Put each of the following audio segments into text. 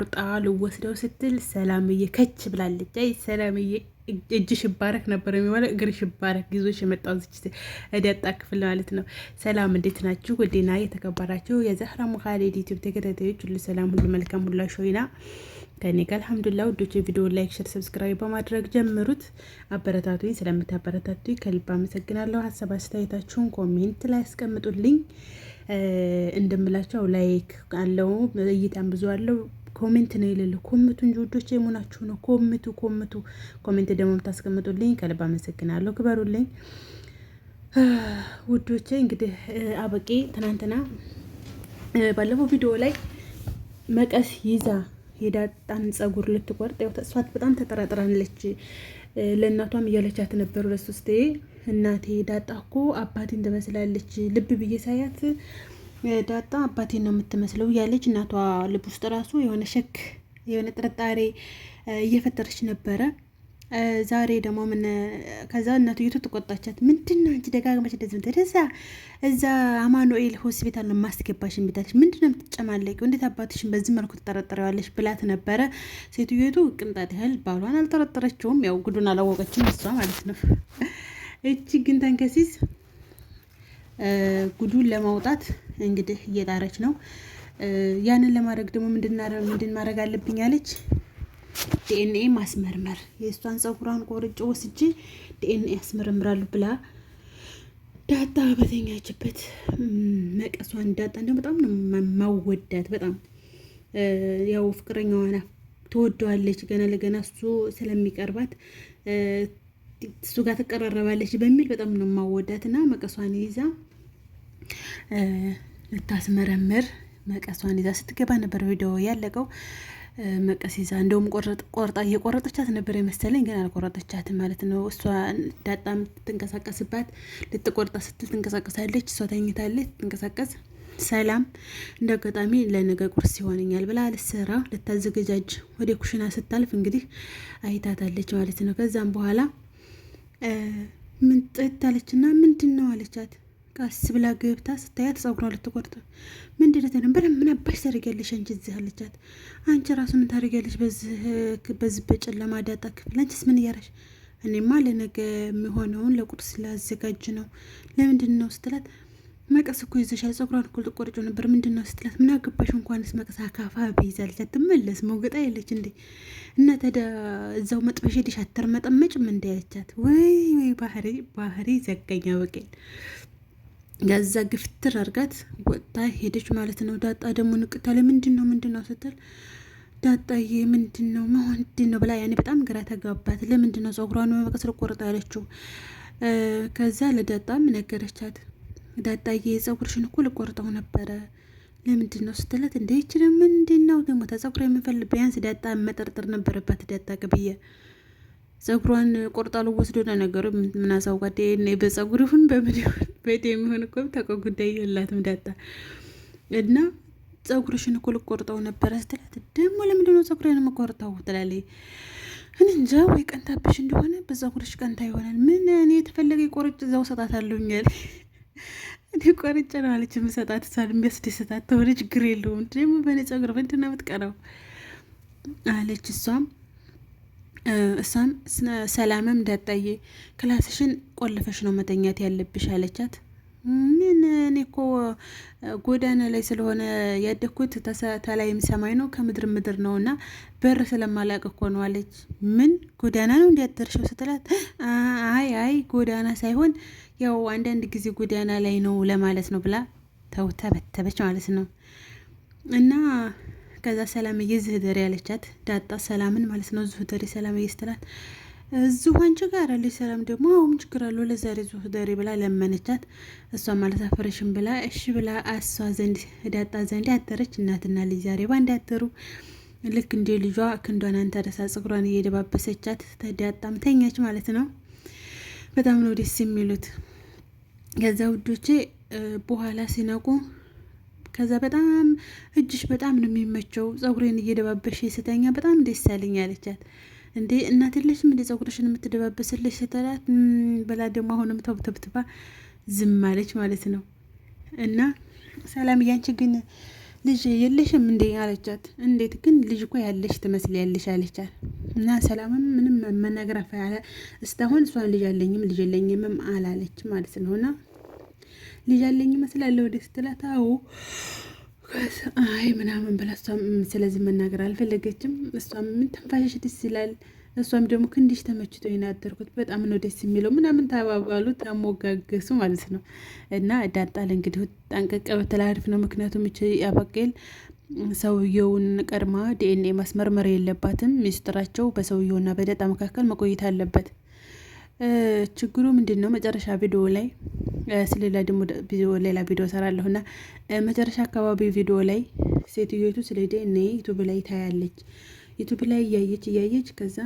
ቁርጣ ልወስደው ስትል ሰላምዬ ከች ብላለች። አይ ሰላምዬ እጅሽ ይባረክ ነበር የሚባለው እግርሽ ይባረክ ይዞሽ የመጣው ዝች እዳጣ ክፍል ማለት ነው። ሰላም እንዴት ናችሁ? ውዴና የተከበራችሁ የዘህራ ሙካሌድ ዩቲብ ተከታታዮች ሁሉ ሰላም፣ ሁሉ መልካም፣ ሁሉ አሾይና ከኔ ጋር አልሐምዱላ። ውዶች ቪዲዮ ላይክ፣ ሸር፣ ሰብስክራይብ በማድረግ ጀምሩት። አበረታቱኝ። ስለምታበረታቱኝ ከልብ አመሰግናለሁ። ሀሳብ አስተያየታችሁን ኮሜንት ላይ ያስቀምጡልኝ። እንደምላቸው ላይክ አለው እይታም ብዙ አለው ኮሜንት ነው የሌለ ኮምቱ እንጂ ውዶች የሙናችሁ ነው። ኮምቱ ኮምቱ። ኮሜንት ደግሞ የምታስቀምጡልኝ ከልብ አመሰግናለሁ። ክበሩልኝ ውዶች። እንግዲህ አበቂ ትናንትና ባለፈው ቪዲዮ ላይ መቀስ ይዛ የዳጣን ጸጉር ልትቆርጥ ያው ተስፋት በጣም ተጠራጥራለች። ለእናቷም እያለቻት ነበሩ ሁለት እናቴ ዳጣ እኮ አባቴን ትመስላለች ልብ ብዬ ሳያት ዳጣ አባቴን ነው የምትመስለው እያለች እናቷ ልብ ውስጥ ራሱ የሆነ ሸክ የሆነ ጥርጣሬ እየፈጠረች ነበረ። ዛሬ ደግሞ ምን ከዛ እናቱ እናትየቱ ተቆጣቻት። ምንድን ነው አንቺ ደጋግመሽ እንደዚህ ምትደዛ እዛ አማኑኤል ሆስፒታል ነው ማስገባሽ የሚታለች ምንድን ነው የምትጨማለቂው? እንዴት አባትሽን በዚህ መልኩ ትጠረጠረዋለሽ? ብላት ነበረ። ሴትዮቱ ቅንጣት ያህል ባሏን አልጠረጠረችውም። ያው ጉዱን አላወቀችም እሷ ማለት ነው። እቺ ግን ተንከሲስ ጉዱን ለማውጣት እንግዲህ እየጣረች ነው። ያንን ለማድረግ ደግሞ ምንድን ማድረግ አለብኝ አለች። ዲኤንኤ ማስመርመር የእሷን ጸጉሯን ቆርጬ ወስጄ ዲኤንኤ ያስመረምራሉ ብላ ዳጣ በተኛችበት መቀሷን ዳጣ እንዲያውም በጣም ነው ማወዳት። በጣም ያው ፍቅረኛዋና ትወደዋለች። ገና ለገና እሱ ስለሚቀርባት እሱ ጋር ትቀራረባለች በሚል በጣም ነው ማወዳት እና መቀሷን ይዛ ልታስመረምር መቀሷን ይዛ ስትገባ ነበር ቪዲዮ ያለቀው። መቀስ ይዛ እንደውም ቆርጣ እየቆረጠቻት ነበር የመሰለኝ፣ ግን አልቆረጠቻትም ማለት ነው። እሷ ዳጣ ትንቀሳቀስባት ልትቆርጣ ስትል ትንቀሳቀሳለች። እሷ ተኝታለች። ትንቀሳቀስ ሰላም እንደ አጋጣሚ ለነገ ቁርስ ይሆነኛል ብላ ልትሰራ ልታዘገጃጅ ወደ ኩሽና ስታልፍ እንግዲህ አይታታለች ማለት ነው። ከዛም በኋላ ምን ጥታለች እና ምንድን ነው አለቻት ቀስ ብላ ገብታ ስታያት ጸጉሯን ልትቆርጥ ምንድን ነው በደምብ ምን አባሽ ታደርጊያለሽ አንቺ እዚህ አለቻት። አንቺ ራሱ ምን ታደርጊያለሽ በዚህ በጨለማ ዳጣ ክፍል አንቺስ ምን እያረሽ? እኔማ ለነገ የሚሆነውን ለቁርስ ላዘጋጅ ነው። ለምንድን ነው ስትላት መቀስ እኮ ይዘሻል፣ ጸጉሯን እኮ ልትቆርጪ ነበር። ምንድን ነው ስትላት ምን አገባሽ እንኳንስ መቀስ አካፋ ብይዛለቻት። ትመለስ መውገጣ የለች እንዴ እና ተደ እዛው መጥበሽ ሄደሽ አተርመጠመጭም እንዲ ያለቻት። ወይ ወይ ባህሪ ባህሪ ዘጋኛ በቀል ገዛ ግፍትር አርጋት ወጣ ሄደች ማለት ነው። ዳጣ ደግሞ ንቅታ ላይ ምንድን ነው ምንድን ነው ስትል ዳጣዬ ምንድን ነው ምንድን ነው ብላ ያኔ በጣም ግራ ተጋባት። ለምንድን ነው ጸጉሯን በመቀስር ቆርጣ ያለችው? ከዛ ለዳጣም ነገረቻት። ዳጣዬ ጸጉርሽን እኮ ልቆርጠው ነበረ ለምንድን ነው ስትላት፣ እንደ ይችል ምንድን ነው ደግሞ ተጸጉር የምንፈልግ ቢያንስ ዳጣ መጠርጠር ነበረባት ዳጣ ግብዬ ፀጉሯን ቆርጣ ልወስዶ ለነገሩ ምናሳውቃት በጸጉር ይሁን በምድ የሚሆን እኮ ተቆ ጉዳይ የላትም ዳጣ እና ፀጉርሽን እኮ ልቆርጠው ነበረ ስትላት፣ ደግሞ ለምንድን ነው ፀጉሬን የምቆርጠው ትላለች። እኔ እንጃ ወይ ቀንታብሽ እንደሆነ በጸጉርሽ ቀንታ ይሆናል። ምን እኔ የተፈለገ ቆርጭ እዛው አለኛል። እኔ ቆርጭ ነው አለች የምሰጣት ሳል የሚያስደስታት ተሆነ ችግር የለውም። ደግሞ በእኔ ፀጉር ምንድን ነው የምትቀረው አለች እሷም እሷም ሰላምም ዳጣዬ ክላስሽን ቆልፈሽ ነው መተኛት ያለብሽ አለቻት። ምን እኔ እኮ ጎዳና ላይ ስለሆነ ያደግኩት ተላይም ሰማይ ነው ከምድር ምድር ነው እና በር ስለማላቅ እኮ ነው አለች። ምን ጎዳና ነው እንዲያደርሸው ስትላት፣ አይ አይ ጎዳና ሳይሆን ያው አንዳንድ ጊዜ ጎዳና ላይ ነው ለማለት ነው ብላ ተው ተበተበች ማለት ነው እና ከዛ ሰላምዬ ዝህደሪ ያለቻት ዳጣ ሰላምን ማለት ነው። ዝህደሪ ሰላምዬ ስትላት እዚሁ አንቺ ጋር ያለች ሰላም ደግሞ አሁም ችግር አለው ለዛሬ ዝህደሪ ብላ ለመነቻት። እሷ ማለት አፈረሽም ብላ እሺ ብላ አሷ ዘንድ ዳጣ ዘንድ ያደረች። እናትና ልጅ ዛሬ ባንድ ያደሩ ልክ እንደ ልጇ ክንዷን አንተረሳ ጽጉሯን እየደባበሰቻት ዳጣም ተኛች ማለት ነው። በጣም ነው ደስ የሚሉት። ከዛ ውዶቼ በኋላ ሲነቁ ከዛ በጣም እጅሽ በጣም ነው የሚመቸው ጸጉሬን እየደባበሽ ስተኛ በጣም ደስ ያለኝ አለቻት። እንዴ እናት የለሽም እንዴ ጸጉርሽን የምትደባበስልሽ ስትላት በላ ደግሞ አሁንም ተብተብትባ ዝም አለች ማለት ነው። እና ሰላም እያንቺ ግን ልጅ የለሽም እንዴ አለቻት። እንዴት ግን ልጅ እኮ ያለሽ ትመስል ያለሽ አለቻት። እና ሰላምም ምንም መናገር እስታሁን እሷን ልጅ አለኝም ልጅ የለኝምም አላለች ማለት ነው እና ልጅ አለኝ ይመስላል ወደ ስትላት አዎ አይ ምናምን ብላ እሷም ስለዚህ መናገር አልፈለገችም። እሷም ምን ተንፋሻሽ ደስ ይላል። እሷም ደግሞ ክንዲሽ ተመችቶ የናደርኩት በጣም ነው ደስ የሚለው ምናምን ተባባሉ፣ ተሞጋገሱ ማለት ነው። እና ዳጣል እንግዲህ ጠንቀቀ በተለ አሪፍ ነው። ምክንያቱም እች አበቄል ሰውየውን ቀድማ ዲኤንኤ ማስመርመር የለባትም። ሚስጥራቸው በሰውየውና በዳጣ መካከል መቆየት አለበት። ችግሩ ምንድን ነው? መጨረሻ ቪዲዮ ላይ ስለሌላ ደግሞ ሌላ ቪዲዮ ሰራለሁ እና መጨረሻ አካባቢ ቪዲዮ ላይ ሴትዮቱ ስለሄደ እኔ ዩቱብ ላይ ታያለች። ዩቱብ ላይ እያየች እያየች ከዛ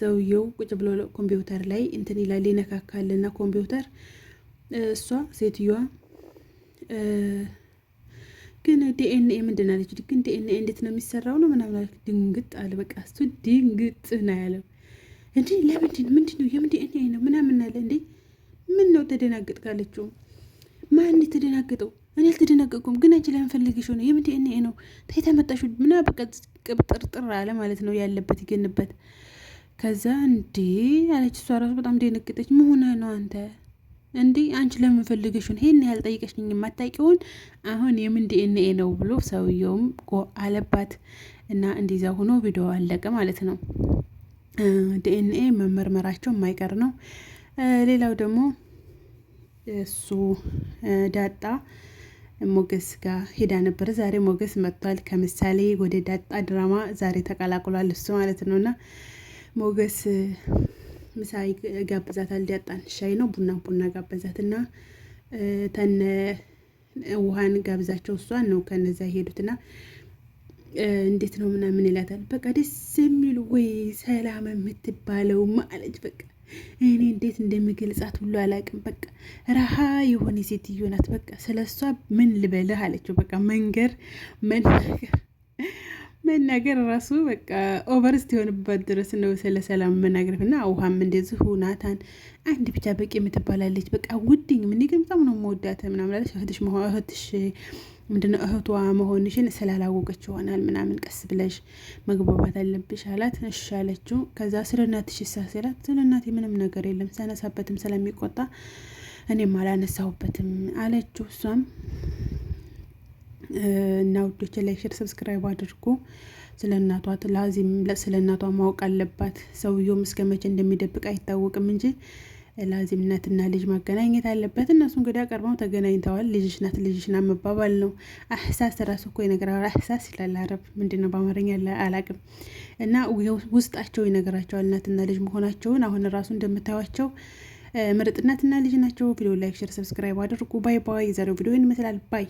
ሰውየው ቁጭ ብሎ ኮምፒውተር ላይ እንትን ይላል ይነካካል እና ኮምፒውተር እሷ ሴትዮዋ ግን ዲኤንኤ ምንድን አለች? ግን ዲኤንኤ እንዴት ነው የሚሰራው ነው ምናምን ድንግጥ አለ። በቃ እሱ ድንግጥ ነው ያለው እንዴ ለምንድን ምንድ ነው የምንድ እኔ ነው ምናምን አለ። እንዴ ምን ነው ተደናገጥካለችው ማን የተደናገጠው? እኔ አልተደናገጥኩም፣ ግን አንቺ ለምን ፈልግሽ ነው የምንድ እኔ ነው ተይተመጣሹ ምና ቅብጥርጥር አለ ማለት ነው ያለበት ይገንበት። ከዛ እንዴ አለች እሷ ራሱ በጣም ደነገጠች። መሆነ ነው አንተ እንዴ አንቺ ለምን ፈልገሽ ሆነ ይሄን ያህል ጠይቀሽኝ የማታውቂውን አሁን የምን ዲኤንኤ ነው ብሎ ሰውየውም አለባት እና እንዲዛ ሆኖ ቪዲዮ አለቀ ማለት ነው። ዲኤንኤ መመርመራቸው የማይቀር ነው። ሌላው ደግሞ እሱ ዳጣ ሞገስ ጋር ሄዳ ነበር። ዛሬ ሞገስ መጥቷል ከምሳሌ ወደ ዳጣ ድራማ ዛሬ ተቀላቅሏል እሱ ማለት ነው። እና ሞገስ ምሳ ጋብዛታል። ዳጣን ሻይ ነው ቡና ቡና ጋበዛት እና ተነ ውሃን ጋብዛቸው እሷን ነው ከነዚያ ሄዱትና እንዴት ነው ምናምን ይላታል። በቃ ደስ የሚል ወይ ሰላም የምትባለው ማለች በቃ እኔ እንዴት እንደምገልጻት ሁሉ አላውቅም። በቃ ረሃ የሆነ ሴትዮ ናት። በቃ ስለሷ ምን ልበልህ አለችው። በቃ መንገር መናገር መናገር ራሱ በቃ ኦቨርስት የሆንባት ድረስ ነው ስለ ሰላም መናገር እና ውሃም እንደዚሁ ናታን አንድ ብቻ በቂ የምትባላለች በቃ ውድኝ ምን ግን በጣም ነው መወዳት ምናምላለች አለች። እህትሽ እህትሽ ምንድነው እህቷ መሆንሽን ስላላወቀች ይሆናል ምናምን ቀስ ብለሽ መግባባት አለብሽ አላት። እሺ አለችው። ከዛ ስለ እናትሽ ሳስላት ስለ እናቴ ምንም ነገር የለም ሳነሳበትም ስለሚቆጣ እኔም አላነሳሁበትም አለችው እሷም እና ውዶች ላይ ሽር ሰብስክራይብ አድርጉ። ስለ እናቷ ላዚም ስለ እናቷ ማወቅ አለባት። ሰውየውም እስከ መቼ እንደሚደብቅ አይታወቅም እንጂ ላዚም እናትና ልጅ ማገናኘት አለበት። እነሱ እንግዲህ አቀርበው ተገናኝተዋል። ልጅሽ ናት ልጅሽ ናት መባባል ነው። አሕሳስ ራሱ እኮ ይነግራል። አሕሳስ ይላል አረብ ምንድን ነው በአማርኛ አላቅም። እና ውስጣቸው ይነግራቸዋል እናትና ልጅ መሆናቸውን። አሁን ራሱ እንደምታዩዋቸው ምርጥ እናትና ልጅ ናቸው። ቪዲዮ ላይክ፣ ሸር፣ ሰብስክራይብ አድርጉ። ባይ ባይ። የዛሬው ቪዲዮ ይመስላል። ባይ